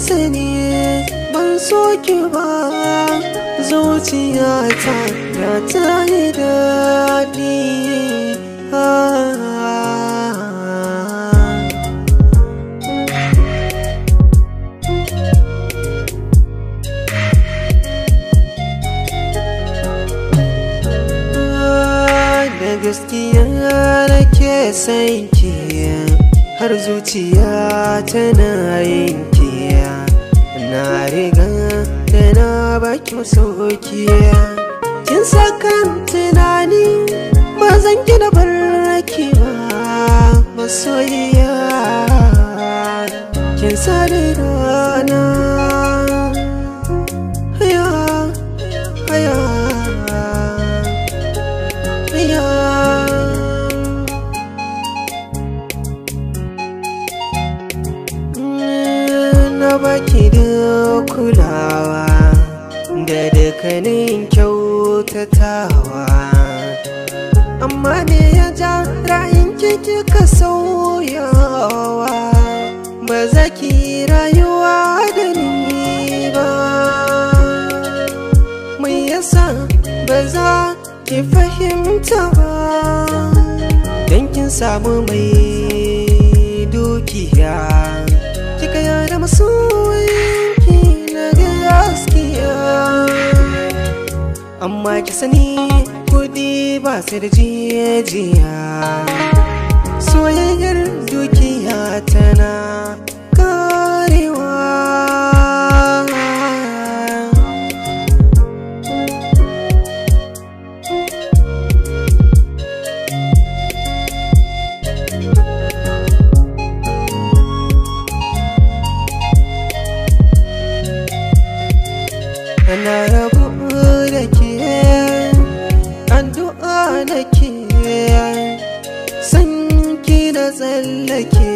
sani ban so ki ba zuciyata da ta yi daɗi da gaskiya sanki har zuciya tana yinki na riga da na baki sokiya, kin sakan tunani ba zan gina barraki ba masoyiya kin sani rana haya na baki da kulawa da dukkanin kyautatawa amma ne ya ja ra'ayin kiki ka sauyawa ba za ki rayuwa da ni ba mai yasa ba za ki fahimta ba don kin samu mai dukiya kika yada masu amma ki sani kudi ba sai da jijiya soyayyar dukiya tana karewa Another tsallake